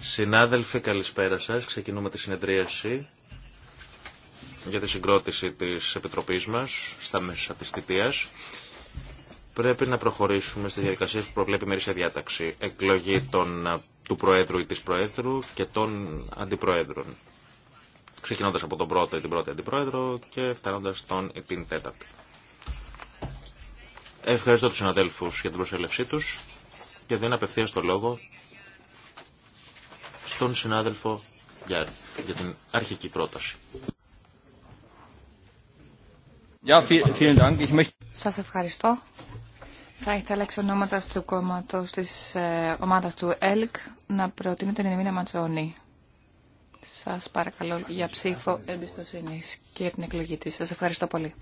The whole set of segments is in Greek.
Συνάδελφοι, καλησπέρα σας. Ξεκινούμε τη συνεδρίαση για τη συγκρότηση της Επιτροπής μας στα μέσα της θητείας. Πρέπει να προχωρήσουμε στις διαδικασίες που προβλέπει η μερίσια διάταξη. Εκλογή των, του Προέδρου ή της Προέδρου και των Αντιπροέδρων. Ξεκινώντας από τον πρώτο ή την πρώτη Αντιπρόεδρο και φτάνοντας τον την τέταρτη. Ευχαριστώ τους συναδέλφους για την προσέλευσή τους και δίνω απευθείας το λόγο στον συνάδελφο Γιάννη για την αρχική πρόταση. Σας ευχαριστώ. Θα ήθελα εξ ονόματα του κόμματο τη ε, ομάδα του ΕΛΚ να προτείνω την Ειρηνή Ματσόνη. Σα παρακαλώ για ψήφο εμπιστοσύνη και την εκλογή τη. Σα ευχαριστώ πολύ.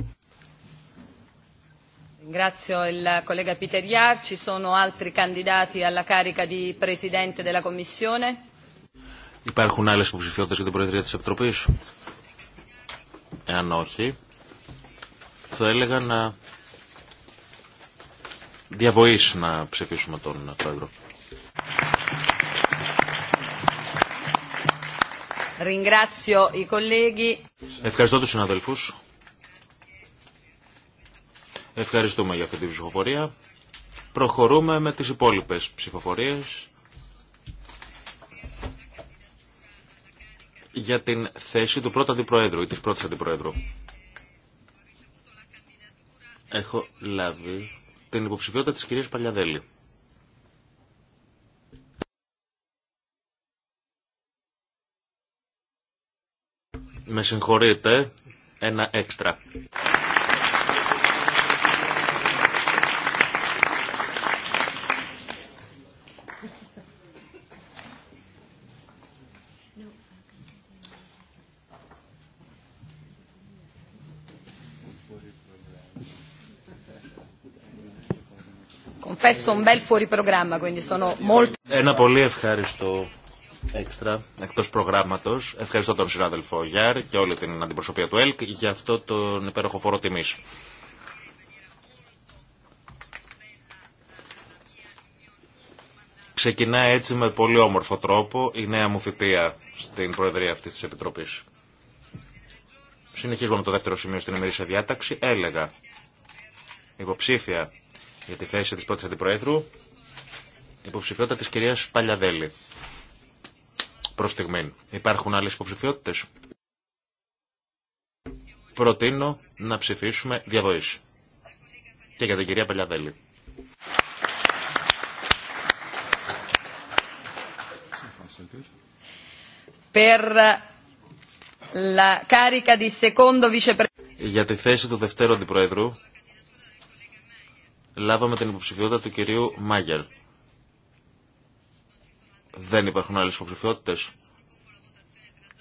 Ringrazio il collega Peter Iar. Ci sono altri candidati alla carica di Presidente della Commissione. Υπάρχουν άλλες υποψηφιότητες για την Προεδρία της Επιτροπής. Εάν όχι, θα έλεγα να διαβοήσει να ψηφίσουμε τον Πρόεδρο. Ringrazio i colleghi. Ευχαριστώ τους συναδελφούς. Ευχαριστούμε για αυτή την ψηφοφορία. Προχωρούμε με τις υπόλοιπες ψηφοφορίες. για την θέση του πρώτου αντιπροέδρου ή της πρώτης αντιπροέδρου. Έχω λάβει την υποψηφιότητα της κυρίας Παλιαδέλη. Με συγχωρείτε, ένα έξτρα. Είναι Ένα πολύ ευχάριστο έξτρα εκτό προγράμματο. Ευχαριστώ τον συνάδελφο Γιάρ και όλη την αντιπροσωπεία του ΕΛΚ για αυτό τον υπέροχο φορό τιμή. Ξεκινά έτσι με πολύ όμορφο τρόπο η νέα μου θητεία στην Προεδρία αυτή τη Επιτροπής. Συνεχίζουμε με το δεύτερο σημείο στην ημερήσια διάταξη. Έλεγα υποψήφια για τη θέση της πρώτης αντιπροέδρου υποψηφιότητα της κυρίας Παλιαδέλη. Προς στιγμή. Υπάρχουν άλλες υποψηφιότητες. Προτείνω να ψηφίσουμε διαβοής. Και για την κυρία Παλιαδέλη. Για τη θέση του δευτέρου αντιπροέδρου λάβαμε την υποψηφιότητα του κυρίου Μάγερ. Δεν υπάρχουν άλλες υποψηφιότητες.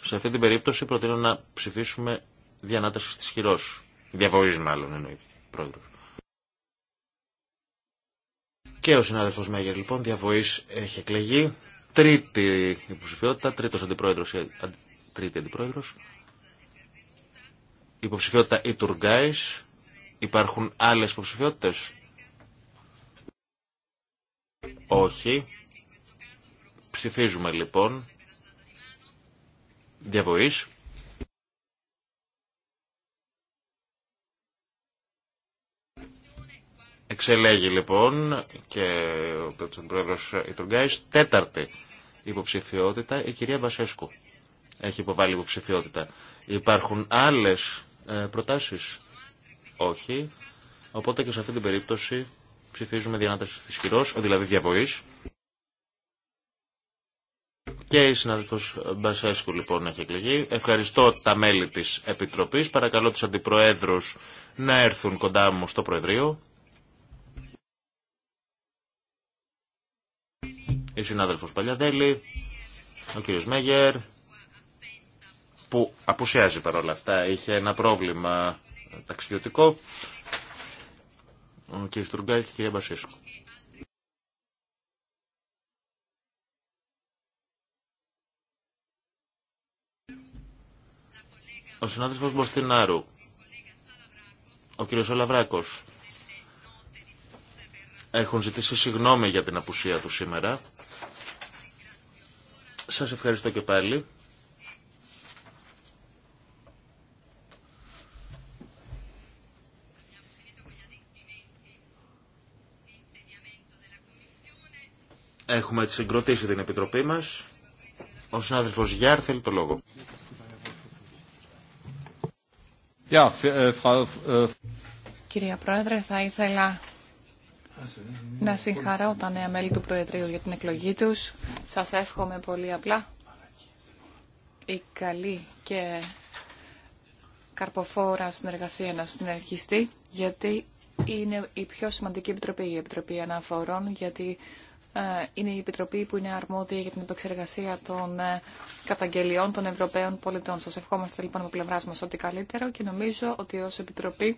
Σε αυτή την περίπτωση προτείνω να ψηφίσουμε διανάταση της χειρός. Διαβοής μάλλον εννοεί πρόεδρος. Και ο συνάδελφος Μέγερ λοιπόν διαβοής έχει εκλεγεί. Τρίτη υποψηφιότητα, τρίτος αντιπρόεδρος, ε, τρίτη αντιπρόεδρος. Υποψηφιότητα Τουργκάης. Υπάρχουν άλλες υποψηφιότητες. Όχι. Ψηφίζουμε λοιπόν. Διαβοής. Εξελέγει λοιπόν και ο πρόεδρος Ιτουργκάης τέταρτη υποψηφιότητα η κυρία Βασέσκου. Έχει υποβάλει υποψηφιότητα. Υπάρχουν άλλες ε, προτάσεις. Όχι. Οπότε και σε αυτή την περίπτωση Ψηφίζουμε διανάταση τη χειρό, δηλαδή διαβοής. Και η συνάδελφο Μπασέσκου λοιπόν έχει εκλεγεί. Ευχαριστώ τα μέλη τη Επιτροπής. Παρακαλώ τους αντιπροέδρους να έρθουν κοντά μου στο Προεδρείο. Η συνάδελφο Παλιαδέλη, ο κύριο Μέγερ, που απουσιάζει παρόλα αυτά, είχε ένα πρόβλημα ταξιδιωτικό. Ο κ. Στουργκάη και η κυρία Μπασίσκου. Ο συνάδελφος Μποστινάρου, ο κ. Σολαβράκος, έχουν ζητήσει συγγνώμη για την απουσία του σήμερα. Σας ευχαριστώ και πάλι. Έχουμε συγκροτήσει την Επιτροπή μας. Ο συνάδελφος Γιάρ θέλει το λόγο. Äh, äh, Κυρία Πρόεδρε, θα ήθελα να συγχαρώ τα νέα μέλη του Προεδρείου για την εκλογή τους. Σας εύχομαι πολύ απλά η καλή και καρποφόρα συνεργασία να συνεργιστεί, γιατί είναι η πιο σημαντική επιτροπή, η Επιτροπή Αναφορών, γιατί ε, είναι η Επιτροπή που είναι αρμόδια για την επεξεργασία των ε, καταγγελιών των Ευρωπαίων πολιτών. Σας ευχόμαστε λοιπόν από πλευρά μας ό,τι καλύτερο και νομίζω ότι ως Επιτροπή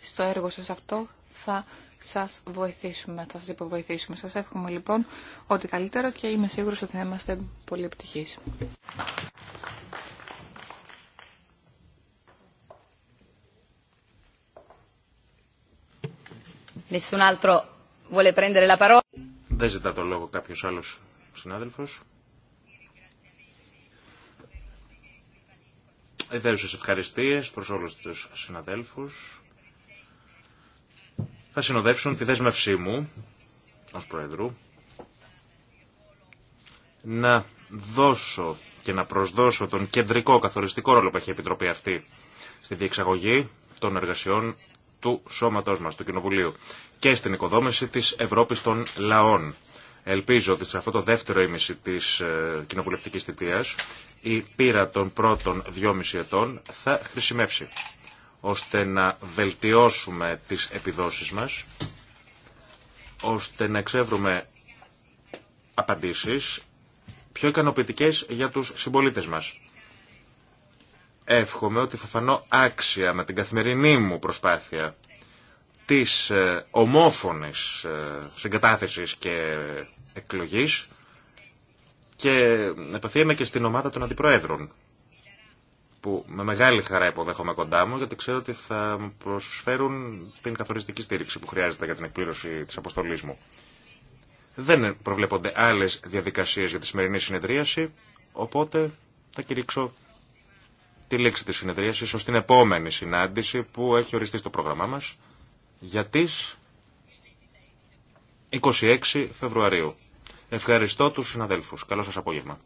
στο έργο σας αυτό θα σας βοηθήσουμε, θα σας υποβοηθήσουμε. Σας εύχομαι λοιπόν ό,τι καλύτερο και είμαι σίγουρος ότι θα είμαστε πολύ επιτυχείς. Nessun altro δεν ζητά το λόγο κάποιος άλλος συνάδελφος. Ιδέουσες ευχαριστίες προς όλους τους συναδέλφους. Θα συνοδεύσουν τη δέσμευσή μου ως Προεδρού να δώσω και να προσδώσω τον κεντρικό καθοριστικό ρόλο που έχει η Επιτροπή αυτή στη διεξαγωγή των εργασιών του σώματός μας, του Κοινοβουλίου και στην οικοδόμηση της Ευρώπης των λαών. Ελπίζω ότι σε αυτό το δεύτερο ήμιση της ε, κοινοβουλευτικής θητείας η πείρα των πρώτων δυόμιση ετών θα χρησιμεύσει ώστε να βελτιώσουμε τις επιδόσεις μας, ώστε να εξεύρουμε απαντήσεις πιο ικανοποιητικέ για τους συμπολίτες μας. Εύχομαι ότι θα φανώ άξια με την καθημερινή μου προσπάθεια της ε, ομόφωνης ε, συγκατάθεσης και εκλογής και επαφίεμαι και στην ομάδα των αντιπροέδρων που με μεγάλη χαρά υποδέχομαι κοντά μου γιατί ξέρω ότι θα προσφέρουν την καθοριστική στήριξη που χρειάζεται για την εκπλήρωση της αποστολής μου. Δεν προβλέπονται άλλες διαδικασίες για τη σημερινή συνεδρίαση, οπότε θα κηρύξω τη λήξη της συνεδρίασης ως την επόμενη συνάντηση που έχει οριστεί στο πρόγραμμά μας για τις 26 Φεβρουαρίου. Ευχαριστώ τους συναδέλφους. Καλό σας απόγευμα.